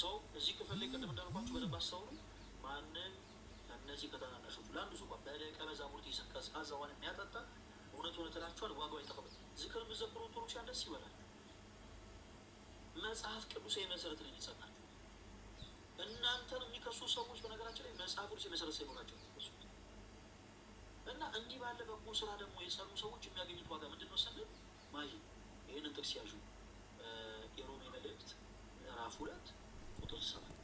ሰው እዚህ ክፍል ላይ ቅድም እንዳልኳችሁ በደንብ አስተውሉ። ማንም ከእነዚህ ከታናናሾቹ ለአንዱ ሰው በደቀ መዛሙርት ይዘን የሚያጠጣ እውነት እውነት እላችኋል ዋጋው አይጠፋም። ዝክር የምትዘክሩ ኦርቶዶክሳውያን ደስ ይበላችሁ። መጽሐፍ ቅዱስ የመሰረት ላይ ይጸናችሁ። እናንተን የሚከሱ ሰዎች በነገራችን ላይ መጽሐፍ ቅዱስ የመሰረት ሳይኖራቸው እና እንዲህ ባለ በጎ ስራ ደግሞ የሰሩ ሰዎች የሚያገኙት ዋጋ ምንድን ነው ስንል ማይ ይህንን ጥቅስ ያዡ የሮሜ መልእክት ምዕራፍ ሁለት ቁጥር ሰባት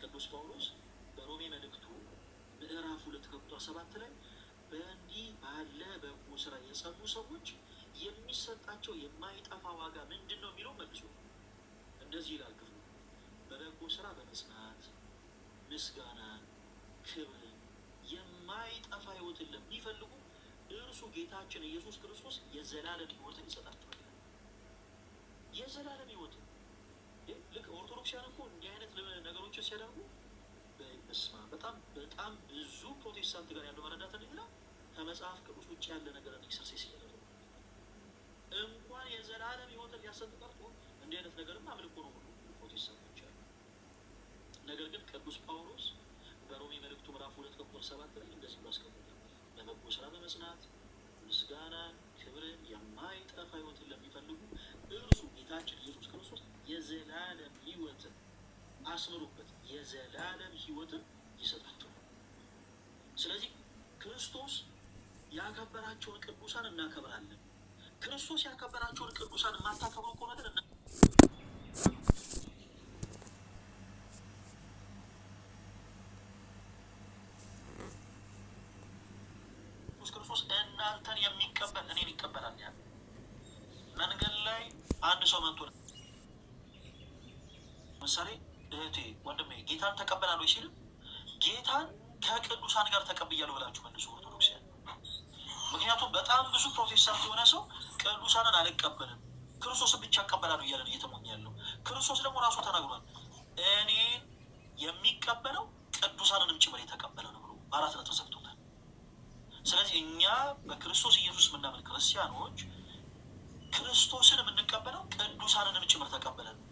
ቅዱስ ጳውሎስ በሮሜ መልእክቱ ምዕራፍ ሁለት ከቁጥር ሰባት ላይ በእንዲህ ባለ በጎ ስራ የጸኑ ሰዎች የሚሰጣቸው የማይጠፋ ዋጋ ምንድን ነው የሚለው መልሶ እንደዚህ ይላል ክፍሉ በበጎ ስራ በመጽናት ምስጋናን፣ ክብርን፣ የማይጠፋ ህይወትን ለሚፈልጉ እርሱ ጌታችን ኢየሱስ ክርስቶስ የዘላለም ህይወትን ይሰጣቸዋል። የዘላለም ህይወትን ግን ልክ ኦርቶዶክሲያን እኮ እንዲህ አይነት ነገሮች ሲያደርጉ በስማ በጣም በጣም ብዙ ፕሮቴስታንት ጋር ያለው መረዳት ንግላ ከመጽሐፍ ቅዱስ ውጭ ያለ ነገር ኤክሰርሳይዝ እያደረጉ እንኳን የዘላለም ሕይወትን ሊያሰጥ ቀርቶ እንዲህ አይነት ነገርማ አምልኮ ነው ብሎ ፕሮቴስታንቶች አሉ። ነገር ግን ቅዱስ ጳውሎስ በሮሜ መልእክቱ ምዕራፍ ሁለት ከቁጥር ሰባት ላይ እንደዚህ ብሎ አስቀምጧል። በበጎ ስራ በመጽናት ምስጋና ክብርን የማይጠፋ ሕይወትን ለሚፈልጉ እርሱ ጌታችን ኢየሱስ ክርስቶስ የዘላለም ህይወትን አስምሩበት፣ የዘላለም ህይወትን ይሰጣቸው። ስለዚህ ክርስቶስ ያከበራቸውን ቅዱሳን እናከብራለን። ክርስቶስ ያከበራቸውን ቅዱሳን የማታከብሩ ከሆነ እህቴ ወንድሜ ጌታን ተቀበላሉ ሲል ጌታን ከቅዱሳን ጋር ተቀብያለሁ ብላችሁ መልሱ ኦርቶዶክሲያን። ምክንያቱም በጣም ብዙ ፕሮቴስታንት የሆነ ሰው ቅዱሳንን አልቀበልም ክርስቶስን ብቻ እቀበላለሁ እያለን እየተሞኝ ያለው ክርስቶስ ደግሞ ራሱ ተናግሯል። እኔ የሚቀበለው ቅዱሳንንም ጭምር የተቀበለ ነው ብሎ አራት ነጥብ ሰብቶታል። ስለዚህ እኛ በክርስቶስ ኢየሱስ የምናምን ክርስቲያኖች ክርስቶስን የምንቀበለው ቅዱሳንንም ጭምር ተቀበለ ነው።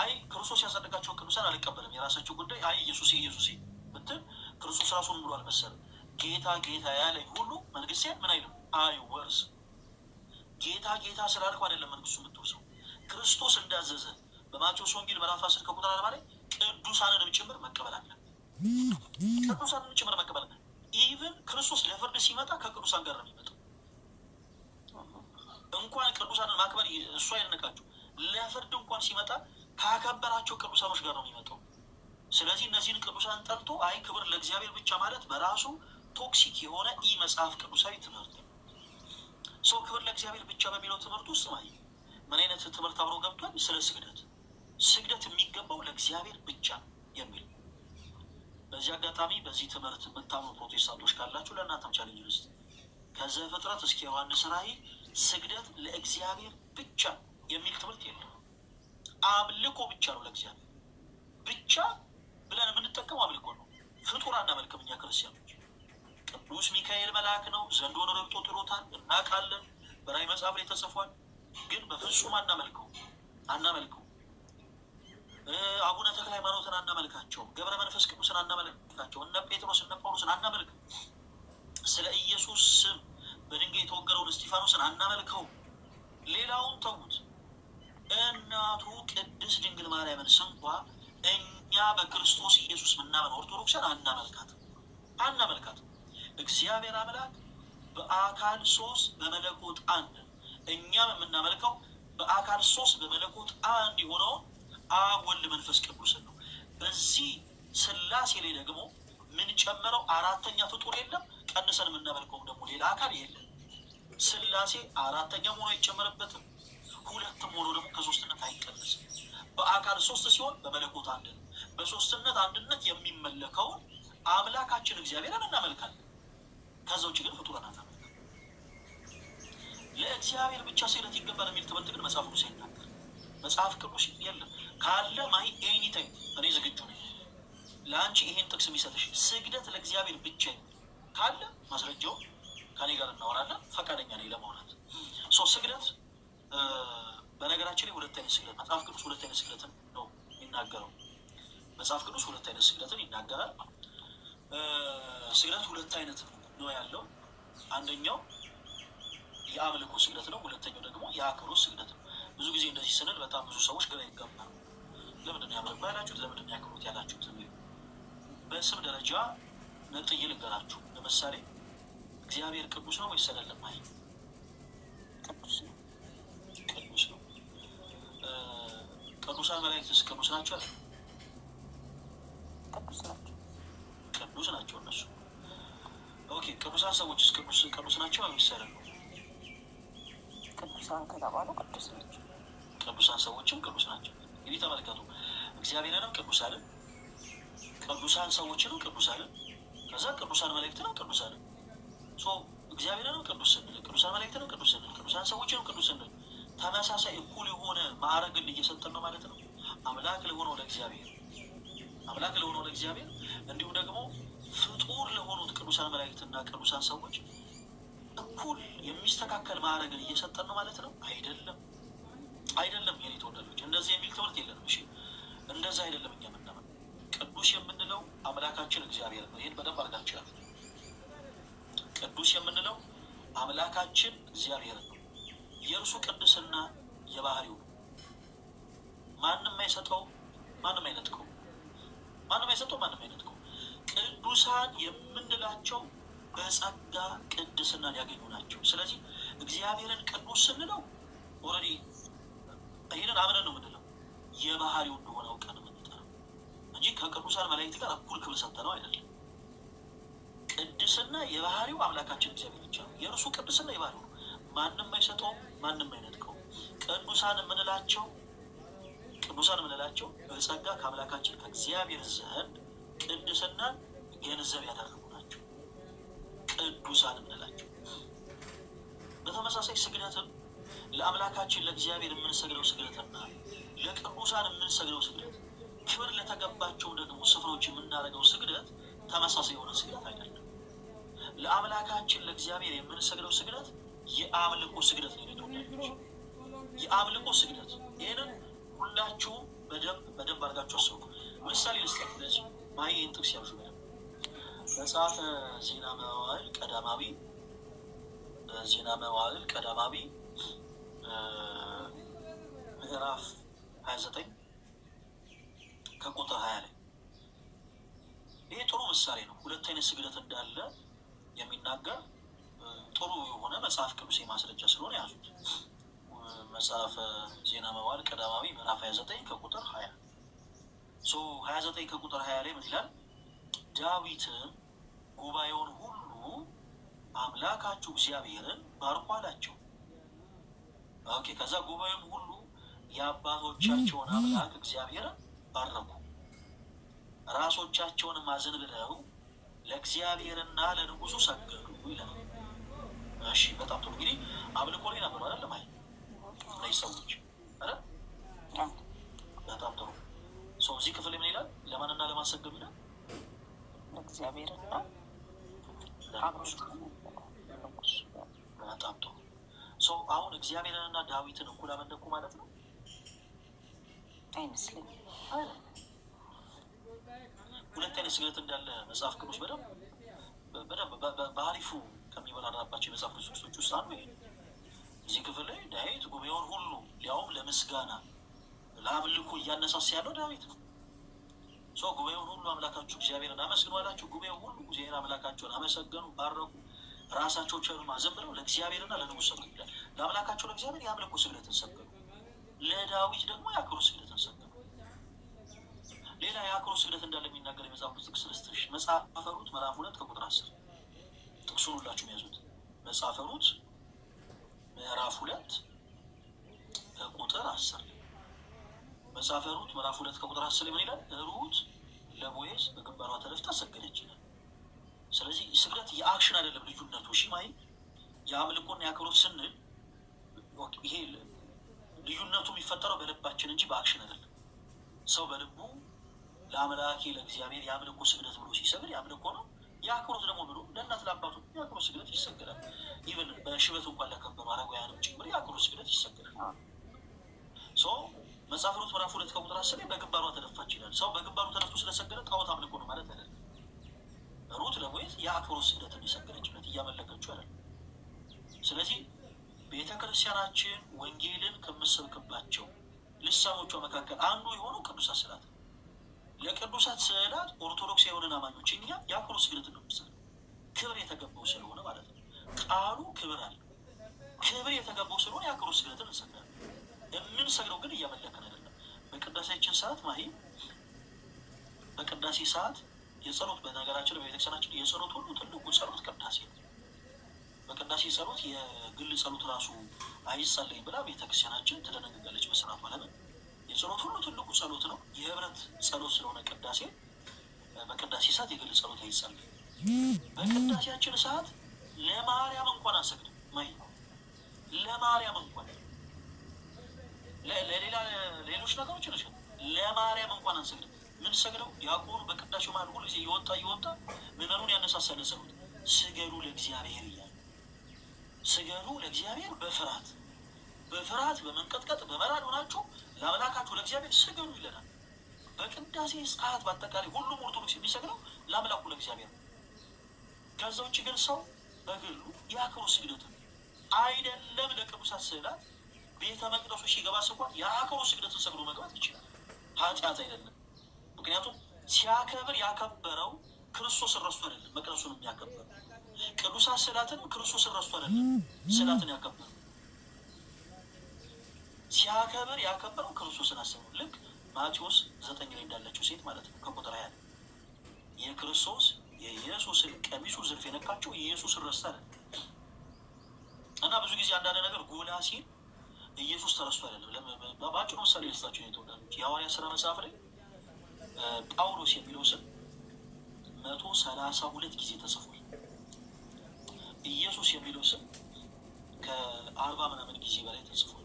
አይ ክርስቶስ ያሳደጋቸው ቅዱሳን አልቀበልም የራሳቸው ጉዳይ አይ ኢየሱሴ ኢየሱሴ ብትል ክርስቶስ ራሱን ብሎ አልመሰልም። ጌታ ጌታ ያለኝ ሁሉ መንግስቴን ምን አይልም አይወርስ። ጌታ ጌታ ስላልኩ አይደለም መንግስቱ የምትወርሰው ክርስቶስ እንዳዘዘ በማቴዎስ ወንጌል ምዕራፍ አስር ከቁጥር አርባ ላይ ቅዱሳንንም ጭምር መቀበል አለ። ቅዱሳንንም ጭምር መቀበል ኢቨን ክርስቶስ ለፍርድ ሲመጣ ከቅዱሳን ጋር ነው የሚመጣው። እንኳን ቅዱሳንን ማክበር እሱ አይነቃቸው ለፍርድ እንኳን ሲመጣ ካከበራቸው ቅዱሳኖች ጋር ነው የሚመጣው። ስለዚህ እነዚህን ቅዱሳን ጠርቶ አይ ክብር ለእግዚአብሔር ብቻ ማለት በራሱ ቶክሲክ የሆነ ኢ መጽሐፍ ቅዱሳዊ ትምህርት ነው። ሰው ክብር ለእግዚአብሔር ብቻ በሚለው ትምህርት ውስጥ ማየ ምን አይነት ትምህርት አብሮ ገብቷል? ስለ ስግደት ስግደት የሚገባው ለእግዚአብሔር ብቻ የሚል በዚህ አጋጣሚ በዚህ ትምህርት የምታምኑ ፕሮቴስታንቶች ካላችሁ ለእናንተም ቻለኝ ልስጥ። ከዘፍጥረት እስከ ዮሐንስ ራእይ ስግደት ለእግዚአብሔር ብቻ የሚል ትምህርት የለም። አምልኮ ብቻ ነው ለእግዚአብሔር ብቻ ብለን የምንጠቀመው አምልኮ ነው። ፍጡር አናመልክም እኛ ክርስቲያኖች። ቅዱስ ሚካኤል መልአክ ነው፣ ዘንዶን ረግጦ ጥሎታል፣ እናውቃለን። በራእይ መጽሐፍ ላይ ተጽፏል። ግን በፍጹም አናመልከው አናመልከው። አቡነ ተክለ ሃይማኖትን አናመልካቸውም፣ ገብረ መንፈስ ቅዱስን አናመልካቸው፣ እነ ጴጥሮስ እነ ጳውሎስን አናመልክም። ስለ ኢየሱስ ስም በድንጋይ የተወገረውን እስጢፋኖስን አናመልከው። ሌላውን ተዉት። እናቱ ቅድስት ድንግል ማርያምን ስንኳ እኛ በክርስቶስ ኢየሱስ ምናምን ኦርቶዶክስን አናመልካት አናመልካት። እግዚአብሔር አምላክ በአካል ሶስት በመለኮት አንድ፣ እኛም የምናመልከው በአካል ሶስት በመለኮት አንድ የሆነውን አብ ወልድ መንፈስ ቅዱስን ነው። በዚህ ስላሴ ላይ ደግሞ የምንጨምረው አራተኛ ፍጡር የለም። ቀንሰን የምናመልከው ደግሞ ሌላ አካል የለም። ስላሴ አራተኛ ሆኖ አይጨመርበትም። ሁለት ሆኖ ደግሞ ከሶስትነት አይቀነስም። በአካል ሶስት ሲሆን በመለኮት አንድ ነው። በሶስትነት አንድነት የሚመለከውን አምላካችን እግዚአብሔርን እናመልካለን። ከዛ ውጭ ግን ፍጡራናት አመልካለን። ለእግዚአብሔር ብቻ ስግደት ይገባል የሚል ትምህርት ግን መጽሐፍ ቅዱስ አይናገር። መጽሐፍ ቅዱስ የለም ካለ ማይ ኤኒታይም እኔ ዝግጁ ነኝ ለአንቺ ይሄን ጥቅስ የሚሰጥሽ ስግደት ለእግዚአብሔር ብቻ ካለ ማስረጃው ከኔ ጋር እናወራለን። ፈቃደኛ ነኝ ለማውራት ሶ ስግደት በነገራችን ላይ ሁለት አይነት ስግደት መጽሐፍ ቅዱስ ሁለት አይነት ስግደትን ነው የሚናገረው። መጽሐፍ ቅዱስ ሁለት አይነት ስግደትን ይናገራል። ስግደት ሁለት አይነት ነው ያለው። አንደኛው የአምልኮ ስግደት ነው፣ ሁለተኛው ደግሞ የአክብሮት ስግደት ነው። ብዙ ጊዜ እንደዚህ ስንል በጣም ብዙ ሰዎች ግራ ይገባል። ለምንድን ያምልኮ ያላችሁት? ለምንድን ያክብሮት ያላችሁት? በስም ደረጃ ነጥዬ ልንገራችሁ። ለምሳሌ እግዚአብሔር ቅዱስ ነው ወይስ አይደለም? አይ ቅዱስ ነው ቅዱሳን መላእክትስ ቅዱስ ናቸው አለ። ቅዱስ ናቸው እነሱ። ኦኬ ቅዱሳን ሰዎች ቅዱስ ቅዱስ ናቸው ወይስ አይደሉም? ቅዱሳን ከተባሉ ቅዱስ ናቸው። ቅዱሳን ሰዎችም ቅዱስ ናቸው። እንግዲህ ተመልከቱ፣ እግዚአብሔርንም ቅዱስ አለ፣ ቅዱሳን ሰዎችንም ቅዱስ አለ፣ ከዛ ቅዱሳን መላእክትንም ቅዱስ አለ። ሶ እግዚአብሔርንም ቅዱስ ስንል፣ ቅዱሳን መላእክትንም ቅዱስ ስንል፣ ቅዱሳን ሰዎችንም ቅዱስ ስንል ተመሳሳይ እኩል የሆነ ማዕረግን እየሰጠን ነው ማለት ነው። አምላክ ለሆነው ለእግዚአብሔር አምላክ ለሆነው ለእግዚአብሔር እንዲሁም ደግሞ ፍጡር ለሆኑት ቅዱሳን መላእክትና ቅዱሳን ሰዎች እኩል የሚስተካከል ማዕረግን እየሰጠን ነው ማለት ነው። አይደለም፣ አይደለም። የኔ ተወዳጆች እንደዚህ የሚል ትምህርት የለንም። እሺ፣ እንደዚህ አይደለም። እኛ ምናምን ቅዱስ የምንለው አምላካችን እግዚአብሔር ነው። ይህን በደንብ አድርጋችሁ ቅዱስ የምንለው አምላካችን እግዚአብሔር ነው። የእርሱ ቅድስና የባህሪው ነው። ማንም አይሰጠው፣ ማንም አይነጥቀው፣ ማንም አይሰጠው፣ ማንም አይነጥቀው። ቅዱሳን የምንላቸው በጸጋ ቅድስና ያገኙ ናቸው። ስለዚህ እግዚአብሔርን ቅዱስ ስንለው ኦልሬዲ ይህንን አምነን ነው ምንለው የባህሪው እንደሆነ አውቀን የምንጠራው እንጂ ከቅዱሳን መላይት ጋር እኩል ክብር ነው አይደለም። ቅድስና የባህሪው አምላካችን እግዚአብሔር ብቻ ነው። የእርሱ ቅድስና የባህሪው ማንም አይሰጠውም፣ ማንም አይነጥቀውም። ቅዱሳን የምንላቸው ቅዱሳን የምንላቸው በጸጋ ከአምላካችን ከእግዚአብሔር ዘንድ ቅዱስና ገንዘብ ያደረጉ ናቸው። ቅዱሳን የምንላቸው በተመሳሳይ ስግደትም ለአምላካችን ለእግዚአብሔር የምንሰግደው ስግደትና ለቅዱሳን የምንሰግደው ስግደት ክብር ለተገባቸው ደግሞ ስፍሮች የምናደርገው ስግደት ተመሳሳይ የሆነ ስግደት አይደለም። ለአምላካችን ለእግዚአብሔር የምንሰግደው ስግደት የአምልኮ ስግደት ነው የተወዳጆች፣ የአምልኮ ስግደት። ይህንን ሁላችሁም በደንብ በደንብ አድርጋችሁ አስቡ። ምሳሌ ልስጠት ለዚህ ማይ ጥቅስ ያዙ በደንብ መጽሐፈ ዜና መዋዕል ቀዳማዊ ዜና መዋዕል ቀዳማዊ ምዕራፍ ሀያ ዘጠኝ ከቁጥር ሀያ ላይ ይሄ ጥሩ ምሳሌ ነው። ሁለት አይነት ስግደት እንዳለ የሚናገር ጥሩ የሆነ መጽሐፍ ቅዱስ ማስረጃ ስለሆነ ያዙት። መጽሐፈ ዜና መዋዕል ቀዳማዊ ምዕራፍ 29 ከቁጥር 20 29 ከቁጥር 20 ላይ ምን ይላል? ዳዊትም ጉባኤውን ሁሉ አምላካችሁ እግዚአብሔርን ባርኩ አላቸው። ኦኬ። ከዛ ጉባኤም ሁሉ የአባቶቻቸውን አምላክ እግዚአብሔርን ባረኩ፣ ራሶቻቸውን አዘንብለው ለእግዚአብሔርና ለንጉሱ ሰገዱ ይላል። እሺ በጣም ጥሩ እንግዲህ አብልኮ ላይ ነበር አይደል? ለማይ ላይ ሰዎች አይደል? በጣም ጥሩ ሰው። እዚህ ክፍል ምን ይላል? ለማንና ለማሰገዱ ይላል? ለእግዚአብሔርና በጣም ጥሩ ሰው። አሁን እግዚአብሔርንና ዳዊትን እኩል አመለኩ ማለት ነው አይመስለኝም። ሁለት አይነት ስግደት እንዳለ መጽሐፍ ቅዱስ በደንብ በደንብ በአሪፉ ከተብራራባቸው የመጽሐፍ ቅዱስ ጥቅሶች ውስጥ አንዱ ይሄ ነው። እዚህ ክፍል ላይ ዳዊት ጉባኤውን ሁሉ ሊያውም ለምስጋና ለአምልኮ እያነሳሳ ያለው ዳዊት ነው። ሰው ጉባኤውን ሁሉ አምላካችሁ እግዚአብሔርን አመስግኑ አላቸው። ጉባኤው ሁሉ እግዚአብሔር አምላካቸውን አመሰገኑ፣ ባረኩ፣ ራሳቸው ቸርም አዘንብለው ለእግዚአብሔርና ለንጉሥ ሰገዱ ይላል። ለአምላካቸው ለእግዚአብሔር የአምልኮ ስግደትን ሰገዱ፣ ለዳዊት ደግሞ የአክብሮት ስግደትን ሰገዱ። ሌላ የአክብሮት ስግደት እንዳለ የሚናገር የመጽሐፍ ቅዱስ ጥቅስ ልስጥሽ። መጽሐፈ ሩት ምዕራፍ ሁለት ከቁጥር አስር ጥቅሱን ሁላችሁም ያዙት። መጽሐፈ ሩት ምዕራፍ ሁለት ከቁጥር አስር መጽሐፈ ሩት ምዕራፍ ሁለት ከቁጥር አስር ምን ይላል? ሩት ለቦዔዝ በግንባሯ ተደፍታ ሰገደች ይላል። ስለዚህ ስግደት የአክሽን አይደለም ልዩነቱ። እሺ ማይ የአምልኮና የአክብሮት ስንል ይሄ ልዩነቱ የሚፈጠረው በልባችን እንጂ በአክሽን አይደለም። ሰው በልቡ ለአምላኬ ለእግዚአብሔር የአምልኮ ስግደት ብሎ ሲሰግድ የአምልኮ ነው የአክብሮት ደግሞ ብሎ ለእናት ለአባቱ የአክብሮት ስግደት ይሰገዳል። ይብን በሽበት እንኳን ለከበሩ አረጋውያንም ጭምር የአክብሮት ስግደት ይሰገዳል። መጽሐፈ ሩት ምዕራፍ ሁለት ከቁጥር አስር በግንባሯ ተደፋች ይላል። ሰው በግንባሩ ተደፍቶ ስለሰገደ ጣዖት አምልኮ ነው ማለት አይደለም። ሩት ደግሞ የአክብሮት ስግደትን የሰገደችለት እያመለከችው አይደለም። ስለዚህ ቤተ ክርስቲያናችን ወንጌልን ከምሰብክባቸው ልሳኖቿ መካከል አንዱ የሆነው ቅዱሳት ስዕላት የቅዱሳት ስዕላት ኦርቶዶክስ የሆንን አማኞች እኛ የአክሮስ ግነት ነው ምሳል ክብር የተገባው ስለሆነ ማለት ነው። ቃሉ ክብር አለ። ክብር የተገባው ስለሆነ የአክሮስ ግነትን እንሰግዳለን። የምንሰግደው ግን እያመለክን አይደለም። በቅዳሴያችን ሰዓት ማሂ በቅዳሴ ሰዓት የጸሎት በነገራችን በቤተክርስቲያናችን የጸሎት ሁሉ ትልቁ ጸሎት ቅዳሴ ነው። በቅዳሴ ጸሎት የግል ጸሎት ራሱ አይጸለይ ብላ ቤተክርስቲያናችን ትደነግጋለች በስርዓቱ ለምን ጸሎት ሁሉ ትልቁ ጸሎት ነው። የህብረት ጸሎት ስለሆነ ቅዳሴ በቅዳሴ ሰዓት የግል ጸሎት አይጸል። በቅዳሴያችን ሰዓት ለማርያም እንኳን አንሰግድም። ማይ ለማርያም እንኳን ለሌላ ሌሎች ነገሮች ነች፣ ለማርያም እንኳን አንሰግድ። ምን ሰግደው ያቆኑ በቅዳሴው ማለት ሁሉ ጊዜ እየወጣ እየወጣ ምዕመኑን ያነሳሳለ ጸሎት ስገዱ ለእግዚአብሔር እያለ ስገዱ ለእግዚአብሔር በፍርሃት በፍርሃት በመንቀጥቀጥ በመራድ ሆናችሁ ለአምላካችሁ ለእግዚአብሔር ስገዱ ይለናል። በቅዳሴ ሰዓት በአጠቃላይ ሁሉም ኦርቶዶክስ የሚሰግደው ለአምላኩ ለእግዚአብሔር ነው። ከዛ ውጭ ግን ሰው በግሉ የአክብሮት ስግደት አይደለም ለቅዱሳት ስዕላት ቤተ መቅደሱ ሲገባ እንኳን የአክብሮት ስግደትን ሰግዶ መግባት ይችላል። ኃጢአት አይደለም። ምክንያቱም ሲያከብር ያከበረው ክርስቶስን ረስቶ አይደለም። መቅደሱን የሚያከብረው ቅዱሳት ስዕላትን ክርስቶስን ረስቶ አይደለም፣ ስዕላትን ያከበረው ሲያከብር ያከበረው ክርስቶስን አስቡ። ልክ ማቴዎስ ዘጠኝ ላይ እንዳለችው ሴት ማለት ነው። ከቁጥር ሀያ የክርስቶስ የኢየሱስን ቀሚሱ ዝርፍ የነካቸው ኢየሱስ ረስታል እና ብዙ ጊዜ አንዳንድ ነገር ጎላ ሲል ኢየሱስ ተረስቶ አይደለም። በአጭሩ ምሳሌ ልስጣቸው የተወዳጆች የሐዋርያ ስራ መጽሐፍ ላይ ጳውሎስ የሚለው ስም መቶ ሰላሳ ሁለት ጊዜ ተጽፏል። ኢየሱስ የሚለው ስም ከአርባ ምናምን ጊዜ በላይ ተጽፏል።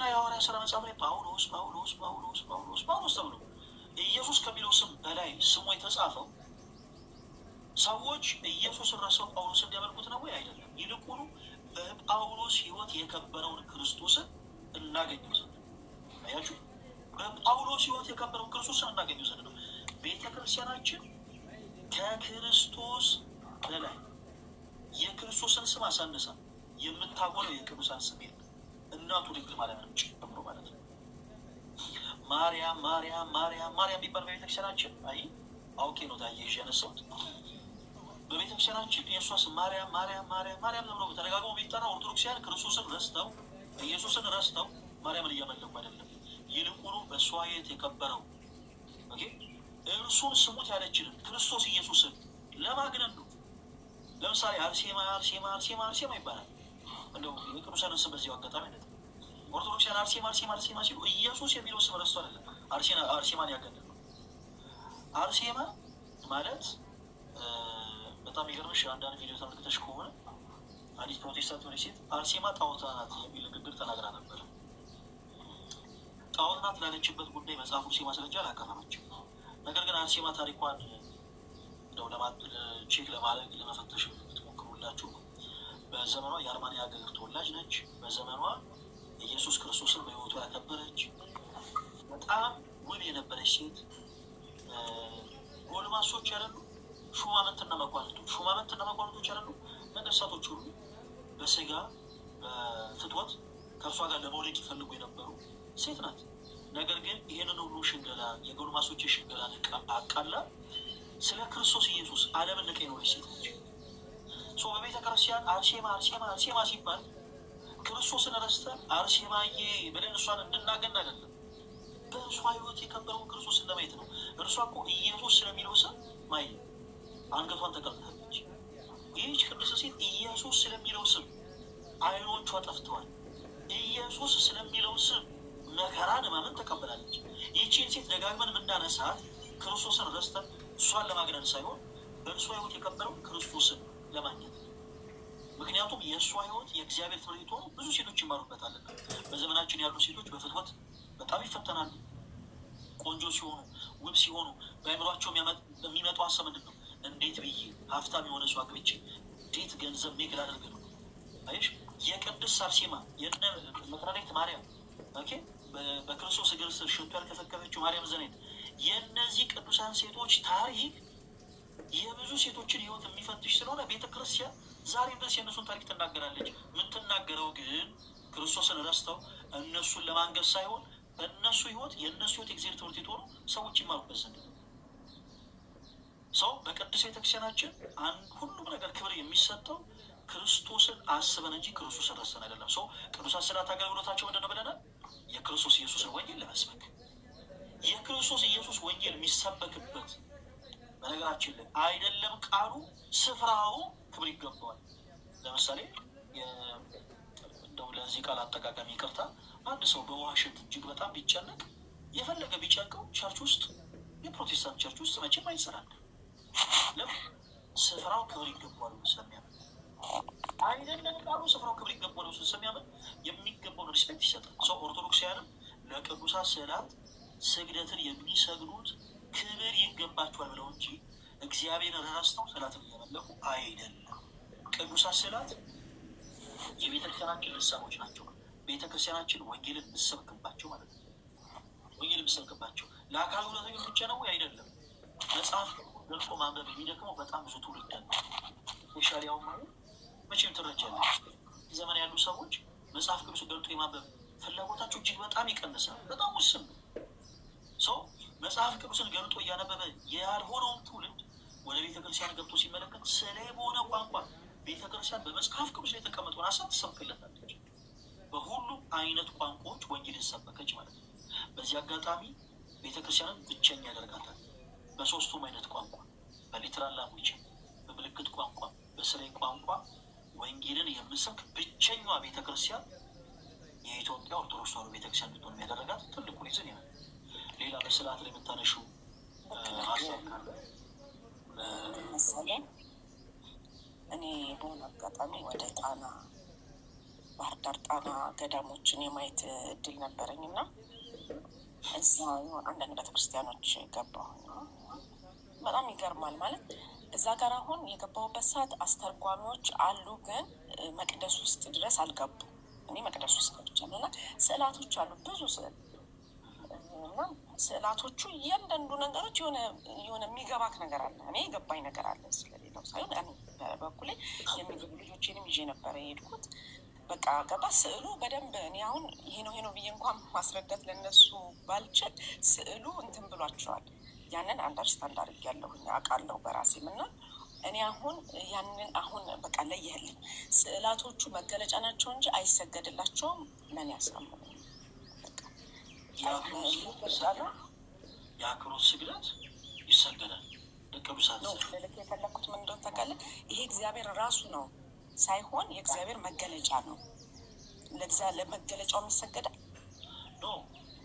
እና የሐዋርያ ሥራ መጽሐፍ ላይ ጳውሎስ ጳውሎስ ጳውሎስ ጳውሎስ ጳውሎስ ተብሎ ኢየሱስ ከሚለው ስም በላይ ስሙ የተጻፈው ሰዎች ኢየሱስ ረሰው ጳውሎስ እንዲያመልኩት ነው ወይ? አይደለም። ይልቁኑ በጳውሎስ ሕይወት የከበረውን ክርስቶስን እናገኘው ዘንድ አያችሁ፣ በጳውሎስ ሕይወት የከበረውን ክርስቶስን እናገኘው ዘንድ ነው። ቤተ ክርስቲያናችን ከክርስቶስ በላይ የክርስቶስን ስም አሳንሳ የምታጎለው የቅዱሳን ስም እናቱ ድንግል ማርያም ጨምሮ ማለት ነው። ማርያም ማርያም ማርያም ማርያም የሚባል በቤተክርስቲያናችን አይ አውቄ ነው ታየ ያነሳሁት። በቤተክርስቲያናችን ኢየሱስ ማርያም ማርያም ማርያም ማርያም ተብሎ ተደጋግሞ የሚጠራው ኦርቶዶክሲያን ክርስቶስን ረስተው ኢየሱስን ረስተው ማርያምን እያመለኩ አይደለም። ይልቁኑ በሰዋየት የከበረው እርሱን ስሙት ያለችንን ክርስቶስ ኢየሱስን ለማግነን ነው። ለምሳሌ አርሴማ አርሴማ አርሴማ አርሴማ ይባላል። እንደው የቅዱሳን ስም በዚያው አጋጣሚ አይነት ኦርቶዶክሲያን አርሴማ አርሴማ አርሴማ ሲሉ ኢየሱስ የሚለው ስም ረስቶ አይደለም አርሴማን አርሴማ ማለት በጣም ይገርምሽ፣ አንዳንድ ቪዲዮ ተመልክተሽ ከሆነ አንዲት ፕሮቴስታንት ሴት አርሴማ ጣዖት ናት የሚል ንግግር ተናግራ ነበር። ጣዖት ናት ላለችበት ጉዳይ አላቀረበችም። ነገር ግን አርሴማ ታሪኳን እንደው ቼክ ለማድረግ ለመፈተሽ የምትሞክሩላችሁ በዘመኗ የአርማንያ ሀገር ተወላጅ ነች። በዘመኗ ኢየሱስ ክርስቶስን በህይወቱ ያከበረች በጣም ውብ የነበረች ሴት። ጎልማሶች ያለሉ ሹማምንትና መኳንቶች ሹማምንትና መኳንቶች ያለሉ ነገስታቶች ሁሉ በስጋ በፍትወት ከእርሷ ጋር ለመውለቅ ይፈልጉ የነበሩ ሴት ናት። ነገር ግን ይህንን ሁሉ ሽንገላ የጎልማሶች የሽንገላ አቃላ ስለ ክርስቶስ ኢየሱስ ዓለምን ንቃ የኖረች ሴት ነው። በቤተ ክርስቲያን አርሴማ አርሴማ አርሴማ ሲባል ክርስቶስን ረስተን አርሴማዬ ብለን እሷን እንድናገን አይደለም። በእርሷ ህይወት የከበረውን ክርስቶስን ለማየት ነው። እርሷ እኮ ኢየሱስ ስለሚለው ስም ማየ አንገቷን ተቀምታለች። ይህች ቅድስት ሴት ኢየሱስ ስለሚለው ስም አይኖቿ ጠፍተዋል። ኢየሱስ ስለሚለው ስም መከራን ማመን ተቀበላለች። ይህችን ሴት ደጋግመን የምናነሳት ክርስቶስን ረስተን እሷን ለማግነን ሳይሆን በእርሷ ሕይወት የከበረው ክርስቶስን ለማግኘት ምክንያቱም የእሷ ህይወት የእግዚአብሔር ትርኢት ሆኖ ብዙ ሴቶች ይማሩበታልና በዘመናችን ያሉ ሴቶች በፍትወት በጣም ይፈተናሉ። ቆንጆ ሲሆኑ ውብ ሲሆኑ በአይምሯቸው የሚመጡ ሀሳብ ምንድን ነው? እንዴት ብዬ ሀብታም የሆነ ሰው አግብቼ እንዴት ገንዘብ ሜክ ላደርግ ነው? አይሽ የቅድስት የነ መቅደላዊት ማርያም ኦኬ፣ በክርስቶስ እግር ስር ሽቱ ያልከፈከፈችው ማርያም ዘናይት የእነዚህ ቅዱሳን ሴቶች ታሪክ የብዙ ሴቶችን ህይወት የሚፈትሽ ስለሆነ ቤተ ክርስቲያን ዛሬም ድረስ የእነሱን ታሪክ ትናገራለች። የምትናገረው ግን ክርስቶስን ረስተው እነሱን ለማንገብ ሳይሆን በእነሱ ህይወት የእነሱ ህይወት የእግዚአብሔር ትምህርት የተሆኑ ሰዎች ይማሩበት ዘንድ ሰው በቅዱስ ቤተክርስቲያናችን አንድ ሁሉም ነገር ክብር የሚሰጠው ክርስቶስን አስበን እንጂ ክርስቶስን ረስተን አይደለም። ሰው ቅዱሳት ስላት አገልግሎታቸው ምንድን ነው ብለናል? የክርስቶስ ኢየሱስን ወንጌል ለመስበክ የክርስቶስ ኢየሱስ ወንጌል የሚሰበክበት በነገራችን ላይ አይደለም ቃሉ ስፍራው ክብር ይገባዋል። ለምሳሌ እንደው ለዚህ ቃል አጠቃቀሚ ይቅርታ፣ አንድ ሰው በዋሽት እጅግ በጣም ቢጨነቅ የፈለገ ቢጨንቀው ቸርች ውስጥ የፕሮቴስታንት ቸርች ውስጥ መቼም አይሰራል። ስፍራው ክብር ይገባዋል ስለሚያምን አይደለም ቃሉ ስፍራው ክብር ይገባዋል ስ ስለሚያምን የሚገባውን ሪስፔክት ይሰጣል። ሰው ኦርቶዶክሳውያንም ለቅዱሳት ስዕላት ስግደትን የሚሰግዱት ክብር ይገባቸዋል ብለው እንጂ እግዚአብሔር ረስተው ሰላት እያመለኩ አይደለም። ቅዱሳት ስላት የቤተክርስቲያናችን ልሳኖች ናቸው። ቤተክርስቲያናችን ወንጌልን ምሰብክባቸው ማለት ነው። ወንጌል ምሰብክባቸው ለአካል ጉዳተኞች ብቻ ነው አይደለም። መጽሐፍ ገልጾ ማንበብ የሚደክመው በጣም ብዙ ትውልድ ነው። ስፔሻሊ አሁን ማለት መቼም ትረጃለ ዘመን ያሉ ሰዎች መጽሐፍ ቅዱስ ገልጦ የማንበብ ፍላጎታቸው እጅግ በጣም ይቀንሳል። በጣም ውስን ነው ሰው መጽሐፍ ቅዱስን ገልጦ እያነበበ ያልሆነውን ትውልድ ወደ ቤተ ክርስቲያን ገብቶ ሲመለከት ስለይ በሆነ ቋንቋ ቤተ ክርስቲያን በመጽሐፍ ቅዱስ ላይ የተቀመጠውን ሀሳብ ትሰብክለታለች። በሁሉም አይነት ቋንቋዎች ወንጌልን ሰበከች ማለት ነው። በዚህ አጋጣሚ ቤተ ክርስቲያንን ብቸኛ ያደርጋታል። በሶስቱም አይነት ቋንቋ በሊትራል ላንጉጅ፣ በምልክት ቋንቋ፣ በስለይ ቋንቋ ወንጌልን የምሰብክ ብቸኛዋ ቤተ ክርስቲያን የኢትዮጵያ ኦርቶዶክስ ተዋሕዶ ቤተክርስቲያን ብትሆን የሚያደረጋት ትልቁ ይዝን ይሆናል። ሌላ በስርዓት ላይ የምታነሹ ሀሳብ እኔ በሆነ አጋጣሚ ወደ ጣና ባህርዳር ጣና ገዳሞችን የማየት እድል ነበረኝ እና እዛ አንዳንድ ቤተክርስቲያኖች ገባሁ። በጣም ይገርማል ማለት እዛ ጋር አሁን የገባሁበት ሰዓት አስተርጓሚዎች አሉ፣ ግን መቅደስ ውስጥ ድረስ አልገቡ። እኔ መቅደስ ውስጥ ገብቻለሁ እና ስዕላቶች አሉ ብዙ ስዕል እና ስዕላቶቹ እያንዳንዱ ነገሮች የሆነ የሆነ የሚገባክ ነገር አለ። እኔ የገባኝ ነገር አለ ስለሌለው ሳይሆን እኔ በበኩሌ የምግብ ልጆችንም ይዤ ነበረ የሄድኩት። በቃ ገባ ስዕሉ በደንብ እኔ አሁን ይሄ ነው ይሄ ነው ብዬ እንኳን ማስረዳት ለነሱ ባልችል ስዕሉ እንትን ብሏቸዋል። ያንን አንደርስታንድ አድርጌያለሁኝ አውቃለሁ በራሴም እና እኔ አሁን ያንን አሁን በቃ ለየህልኝ ስዕላቶቹ መገለጫ ናቸው እንጂ አይሰገድላቸውም ለእኔ ያስቀምጡ የአክሮስ ምስጋና የአክሮስ ስግደት ይሰገዳል። ደቀ ብዛት ምን እንደሆነ ታውቃለህ? ይሄ እግዚአብሔር ራሱ ነው ሳይሆን የእግዚአብሔር መገለጫ ነው። ለዛ ለመገለጫው የሚሰገዳል ኖ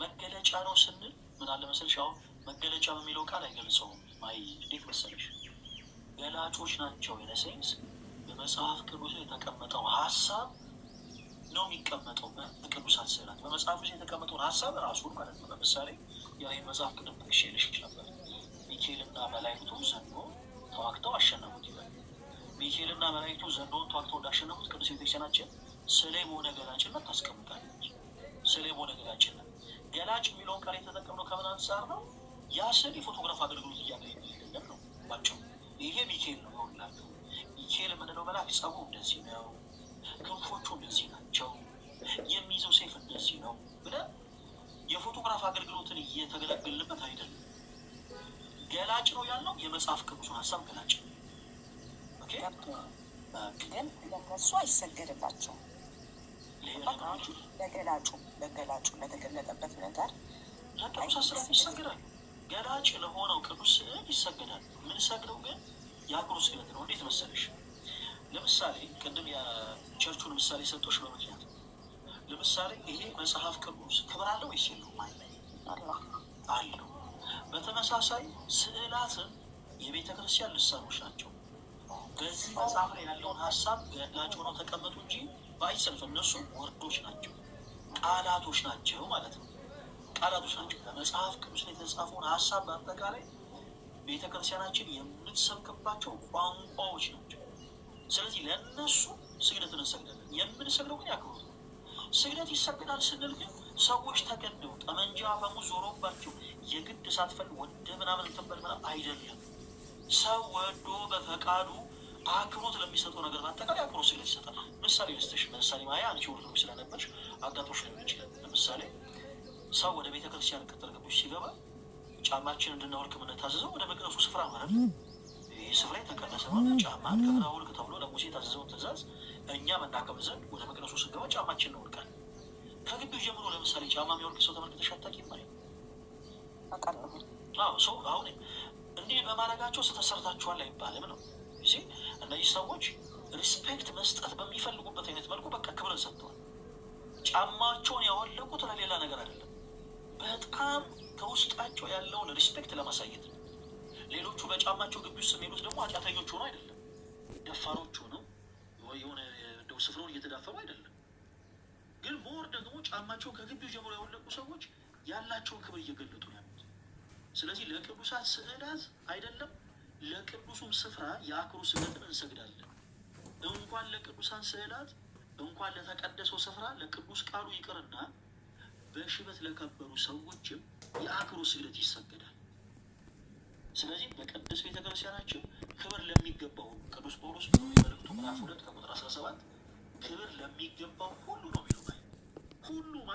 መገለጫ ነው ስንል ምን አለ መሰለሽ፣ አሁን መገለጫ በሚለው ቃል አይገልጸውም። ማይ እንዴት መሰለሽ፣ ገላጮች ናቸው የነሴንስ በመጽሐፍ ቅዱስ የተቀመጠው ሀሳብ ነው የሚቀመጠው በቅዱሳት ስዕላት በመጽሐፍ ውስጥ የተቀመጠውን ሀሳብ ራሱ ማለት ነው። ለምሳሌ የራዕይ መጽሐፍ ቅድም ጠቅሼ ነበር። ሚካኤልና መላእክቱ ዘንዶ ተዋግተው አሸነፉት ይላል። ሚካኤልና መላእክቱ ዘንዶን ተዋግተው እንዳሸነፉት ቅዱስ ቤተክርስቲያናችን ስለ በሆነ ገላጭነት ታስቀምጣለች። ስለ በሆነ ገላጭነት ገላጭ የሚለውን ቃል የተጠቀምነው ከምን አንጻር ነው? ያ ስል የፎቶግራፍ አገልግሎት እያገኘ አይደለም ነው ባቸው። ይሄ ሚካኤል ነው ይሆንላቸው። ሚካኤል የምንለው መልአክ ጸጉሩ እንደዚህ ነው ክንፎቹ እንደዚህ ናቸው፣ የሚይዘው ሴፍ እንደዚህ ነው ብለህ የፎቶግራፍ አገልግሎትን እየተገለገልንበት አይደለም። ገላጭ ነው ያለው የመጽሐፍ ቅዱሱን ሀሳብ ገላጭ ነው። ግን ለነሱ አይሰገድላቸውም። ለገላጩ ለገላጩ ለተገለጠበት ነገር ገላጭ ለሆነው ቅዱስ ስዕል ይሰገዳል። ምን ግን የአክብሮት ስግደት ነው። እንዴት መሰለሽ ለምሳሌ ቅድም የቸርቹን ምሳሌ ሰጦች በምክንያት ለምሳሌ ይሄ መጽሐፍ ቅዱስ ክብር አለው ወይስ የለውም? አለው። በተመሳሳይ ስዕላትም የቤተ ክርስቲያን ልሳኖች ናቸው። በዚህ መጽሐፍ ላይ ያለውን ሀሳብ ገድላቸው ነው ተቀመጡ እንጂ በአይሰልፍ እነሱ ወርዶች ናቸው፣ ቃላቶች ናቸው ማለት ነው። ቃላቶች ናቸው። በመጽሐፍ ቅዱስ ላይ የተጻፈውን ሀሳብ በአጠቃላይ ቤተክርስቲያናችን የምትሰብክባቸው ቋንቋዎች ናቸው። ስለዚህ ለእነሱ ስግደትን እንሰግዳለን። የምንሰግደው ግን ያክብሩት ስግደት ይሰግዳል ስንል ግን ሰዎች ተገደው ጠመንጃ አፈሙ ዞሮባቸው የግድ ሳትፈል ወደ ምናምን ትበል ምናምን አይደለም። ሰው ወዶ በፈቃዱ አክብሮት ለሚሰጠው ነገር በአጠቃላይ አክብሮት ስግደት ይሰጣል። ምሳሌ ልስጥሽ። ምሳሌ ማያ አንቺ ወርዶ ስለነበርሽ አጋጦሽ ሊሆን ይችላል። ለምሳሌ ሰው ወደ ቤተክርስቲያን ቅጥር ግቦች ሲገባ ጫማችን እንድናወልቅ ምንታዘዘው ወደ መቅደሱ ስፍራ ማለት ነው በዚህ ላይ የተቀደሰ የሆነ ጫማ ከፍና ውልቅ ተብሎ ለሙሴ የታዘዘውን ትእዛዝ እኛ መናከብ ዘንድ ወደ መቅደሱ ስገባ ጫማችን እንወልቃለን። ከግቢው ጀምሮ ለምሳሌ ጫማ የሚወልቅ ሰው ተመልክተሽ አታውቂም? ሰው አሁን እንዲህ በማድረጋቸው ስተሰርታችኋል አይባልም ነው። እነዚህ ሰዎች ሪስፔክት መስጠት በሚፈልጉበት አይነት መልኩ በቃ ክብርን ሰጥተዋል። ጫማቸውን ያወለቁት ለሌላ ነገር አይደለም፣ በጣም ከውስጣቸው ያለውን ሪስፔክት ለማሳየት ነው። በጫማቸው ግቢ ውስጥ የሚሉት ደግሞ ኃጢአተኞች ሆኖ አይደለም፣ ደፋሮች ሆነው የሆነ እንደው ስፍራውን እየተዳፈሩ አይደለም። ግን ሞር ደግሞ ጫማቸው ከግቢው ጀምሮ ያወለቁ ሰዎች ያላቸውን ክብር እየገለጡ ነው ያሉት። ስለዚህ ለቅዱሳት ስዕላት አይደለም ለቅዱሱም ስፍራ የአክሩ ስግደትን እንሰግዳለን። እንኳን ለቅዱሳን ስዕላት እንኳን ለተቀደሰው ስፍራ ለቅዱስ ቃሉ ይቅርና በሽበት ለከበሩ ሰዎችም የአክሩ ስግደት ይሰገዳል። ስለዚህ በቅዱስ ቤተክርስቲያናችን ክብር ለሚገባው ቅዱስ ጳውሎስ በሮሜ መልእክቱ ምዕራፍ ሁለት ከቁጥር አስራ ሰባት ክብር ለሚገባው ሁሉ ነው የሚለው ሁሉ ማለት